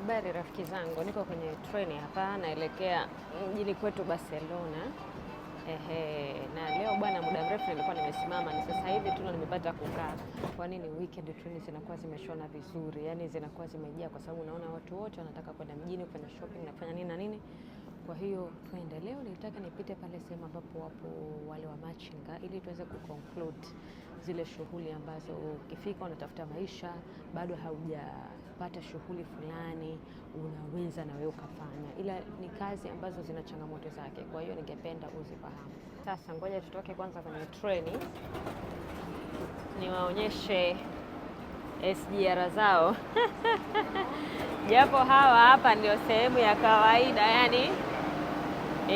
Habari rafiki zangu, niko kwenye treni hapa naelekea mjini kwetu Barcelona. Ehe, na leo bwana, muda mrefu nilikuwa nimesimama, ni sasa hivi tu nimepata kukaa. Kwa nini weekend treni zinakuwa zimeshona vizuri, yani zinakuwa zimejaa, kwa sababu naona watu wote wanataka kwenda mjini kufanya shopping na kufanya nini na nini. Kwa hiyo tuende leo, nilitaka nipite pale sehemu ambapo wapo wale wa machinga ili tuweze ku conclude zile shughuli ambazo ukifika unatafuta maisha bado hauja kupata shughuli fulani unaweza na wewe ukafanya, ila ni kazi ambazo zina changamoto zake, kwa hiyo ningependa uzifahamu. Sasa ngoja tutoke kwanza kwenye treni niwaonyeshe SGR zao japo hawa hapa ndio sehemu ya kawaida yani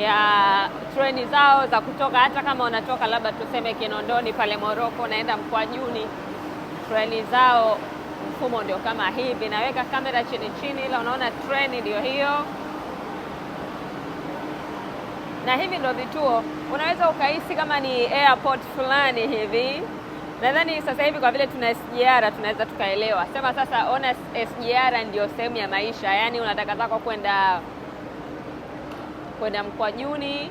ya treni zao za kutoka, hata kama unatoka labda tuseme Kinondoni pale Moroko, unaenda Mkwajuni, treni zao mfumo ndio kama hivi, naweka kamera chini chini, ila unaona treni ndio hiyo. Na hivi ndio vituo, unaweza ukahisi kama ni airport fulani hivi. Nadhani sasa hivi kwa vile tuna SGR tunaweza tukaelewa, sema sasa, ona SGR ndio sehemu ya maisha, yaani unataka zako kwenda kwenda Mkwajuni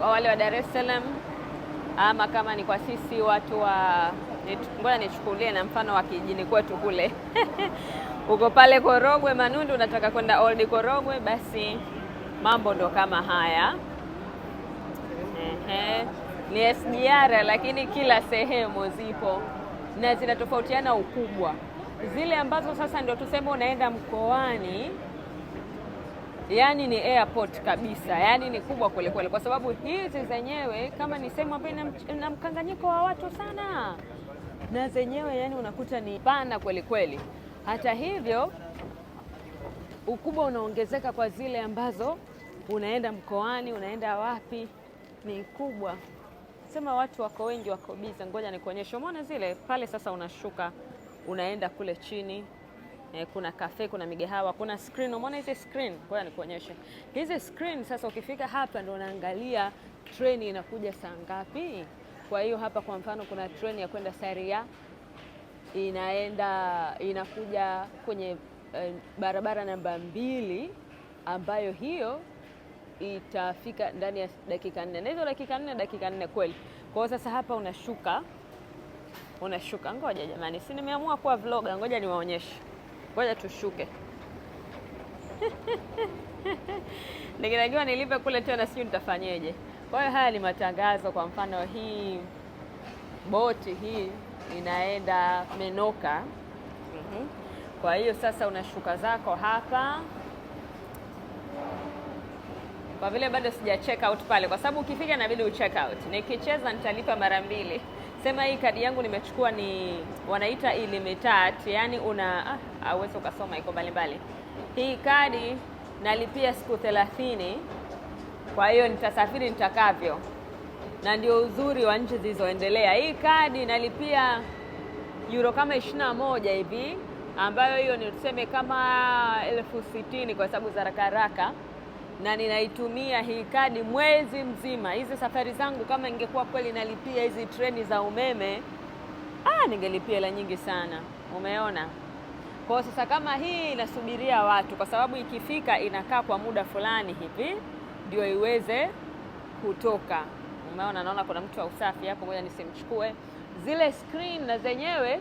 kwa wale wa Dar es Salaam, ama kama ni kwa sisi watu wa Ngoja nichukulie na mfano wa kijini kwetu kule uko pale Korogwe Manundu, unataka kwenda Old Korogwe, basi mambo ndo kama haya. Ehe, ni SGR lakini kila sehemu zipo na zinatofautiana ukubwa. Zile ambazo sasa ndio tuseme unaenda mkoani, yani ni airport kabisa, yani ni kubwa kweli kweli, kwa sababu hizi zenyewe kama ni sehemu ambayo ina mkanganyiko wa watu sana na zenyewe yani unakuta ni pana kweli kweli. Hata hivyo ukubwa unaongezeka kwa zile ambazo unaenda mkoani, unaenda wapi, ni kubwa. Sema watu wako wengi, wako biza. Ngoja nikuonyeshe, umeona zile pale. Sasa unashuka unaenda kule chini eh, kuna kafe, kuna migahawa, kuna screen. Umeona hizi screen? Ngoja nikuonyeshe hizi screen. Sasa ukifika hapa, ndo unaangalia treni inakuja saa ngapi. Kwa hiyo hapa kwa mfano kuna treni ya kwenda Saria inaenda inakuja kwenye e, barabara namba mbili ambayo hiyo itafika ndani ya dakika nne na hizo dakika nne dakika nne kweli. Kwa hiyo sasa hapa unashuka unashuka, ngoja jamani, si nimeamua kuwa vloga, ngoja niwaonyeshe, ngoja tushuke nikitakiwa nilipe kule tena, sijui nitafanyeje. Kwa hiyo haya ni matangazo. Kwa mfano hii boti hii inaenda Menoka. mm-hmm. Kwa hiyo sasa unashuka zako hapa kwa vile bado sija check out pale, kwa sababu ukifika inabidi ucheck out. Nikicheza nitalipa mara mbili. Sema hii kadi yangu nimechukua ni wanaita ilimitat, yani una ah, uwezo ukasoma iko mbalimbali. Hii kadi nalipia siku thelathini kwa hiyo nitasafiri nitakavyo, na ndio uzuri wa nchi zilizoendelea. Hii kadi nalipia euro kama ishirini na moja hivi, ambayo hiyo ni tuseme kama elfu sitini kwa sababu za haraka haraka, na ninaitumia hii kadi mwezi mzima. Hizi safari zangu kama ingekuwa kweli nalipia hizi treni za umeme, ah, ningelipia hela nyingi sana, umeona. kwao. sasa kama hii inasubiria watu, kwa sababu ikifika inakaa kwa muda fulani hivi ndio iweze kutoka. Umeona, naona kuna mtu wa usafi hapo, ngoja nisimchukue. Zile screen na zenyewe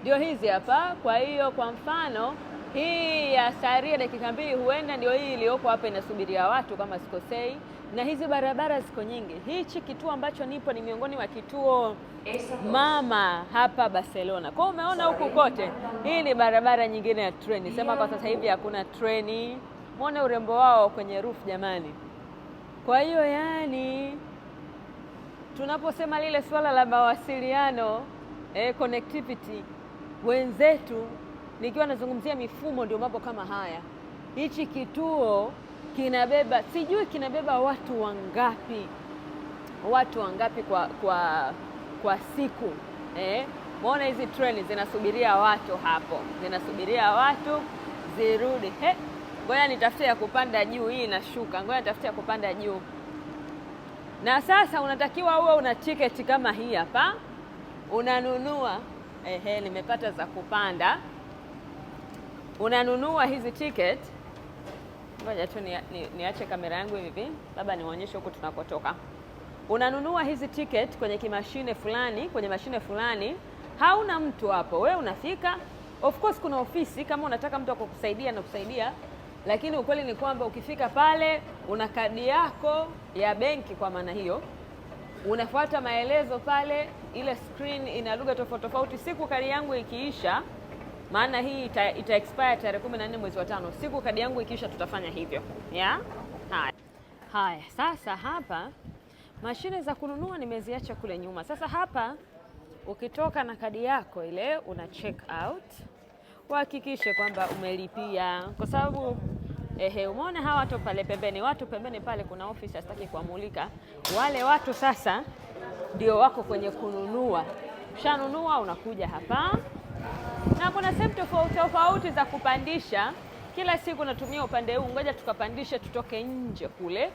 ndio hizi hapa. Kwa hiyo kwa mfano hii ya saria dakika mbili huenda ndio hii iliyoko hapa inasubiria watu kama sikosei, na hizi barabara ziko nyingi. Hichi kituo ambacho nipo ni miongoni mwa kituo mama hapa Barcelona. Kwa hiyo umeona huku kote, hii ni barabara nyingine ya treni. Sema kwa sasa hivi hakuna treni. Mwone urembo wao kwenye roof jamani. Kwa hiyo yani, tunaposema lile swala la mawasiliano eh, connectivity wenzetu, nikiwa nazungumzia mifumo, ndio mambo kama haya. Hichi kituo kinabeba sijui kinabeba watu wangapi, watu wangapi kwa, kwa, kwa siku eh? Maona hizi treni zinasubiria watu hapo, zinasubiria watu zirudi he. Eh? ngoja nitafute ya kupanda juu, hii inashuka, ngoja nitafute ya kupanda juu. Na sasa unatakiwa uwe una tiketi kama hii hapa, unanunua ehe, nimepata za kupanda. Unanunua hizi tiketi, ngoja tu niache ni, ni kamera yangu hivi, labda niwaonyeshe huku tunakotoka. Unanunua hizi tiketi kwenye kimashine fulani, kwenye mashine fulani, hauna mtu hapo, wewe unafika Of course kuna ofisi kama unataka mtu akukusaidia na kusaidia lakini ukweli ni kwamba ukifika pale una kadi yako ya benki, kwa maana hiyo unafuata maelezo pale. Ile screen ina lugha tofauti tofauti. Siku kadi yangu ikiisha, maana hii ita, ita expire tarehe 14 mwezi wa tano. Siku kadi yangu ikiisha, tutafanya hivyo yeah? Haya, haya, sasa hapa mashine za kununua nimeziacha kule nyuma. Sasa hapa ukitoka na kadi yako ile una check out uhakikishe kwamba umelipia, kwa sababu ehe, umeona hawa watu pale pembeni, watu pembeni pale kuna ofisi, astaki kuamulika. Wale watu sasa ndio wako kwenye kununua, ushanunua unakuja hapa, na kuna sehemu tofauti tofauti za kupandisha. Kila siku natumia upande huu, ngoja tukapandishe, tutoke nje kule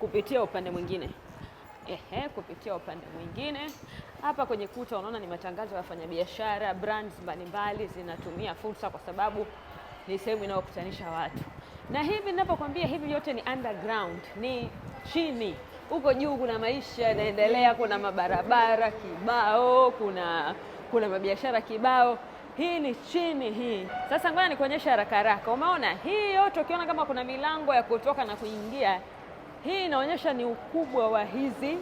kupitia upande mwingine ehe, kupitia upande mwingine hapa kwenye kuta unaona ni matangazo ya wafanyabiashara, brands mbalimbali zinatumia fursa, kwa sababu ni sehemu inayokutanisha watu. Na hivi ninapokuambia hivi, vyote ni underground, ni chini huko juu kuna maisha yanaendelea, kuna mabarabara kibao, kuna kuna mabiashara kibao. Hii ni chini hii. Sasa ngoja nikuonyesha haraka haraka. Umeona hii yote, ukiona kama kuna milango ya kutoka na kuingia hii inaonyesha ni ukubwa wa hizi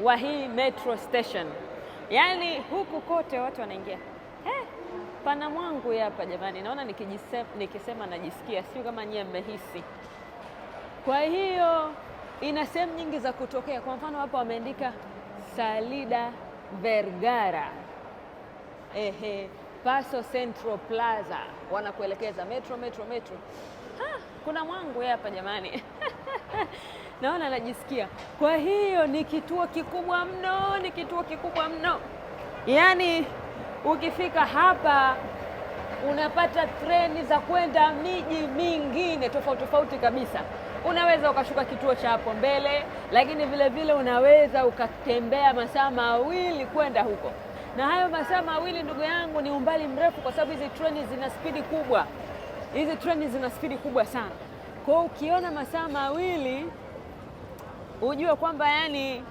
wa hii metro station, yaani huku kote watu wanaingia. Hey, pana mwangu hapa jamani, naona nikijisema, nikisema najisikia, sio kama nyie mmehisi. Kwa hiyo ina sehemu nyingi za kutokea. Kwa mfano hapa wameandika Salida Vergara, ehe, Paso Central Plaza, wanakuelekeza metro metro metro. Ha, kuna mwangu hapa jamani naona najisikia. Kwa hiyo ni kituo kikubwa mno, ni kituo kikubwa mno. Yaani ukifika hapa unapata treni za kwenda miji mingine tofauti tofauti kabisa. Unaweza ukashuka kituo cha hapo mbele, lakini vile vile unaweza ukatembea masaa mawili kwenda huko. Na hayo masaa mawili, ndugu yangu, ni umbali mrefu, kwa sababu hizi treni zina spidi kubwa. Hizi treni zina spidi kubwa sana. Kwa ukiona masaa mawili ujue kwamba yani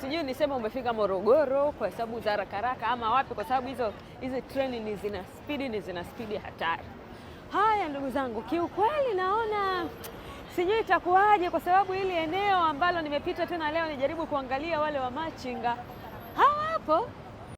sijui nisema umefika Morogoro kwa sababu za haraka haraka ama wapi, kwa sababu hizo hizi treni ni zina spidi ni zina spidi hatari. Haya ndugu zangu, kiukweli naona sijui itakuwaje, kwa sababu hili eneo ambalo nimepita tena leo nijaribu kuangalia wale wa machinga hawapo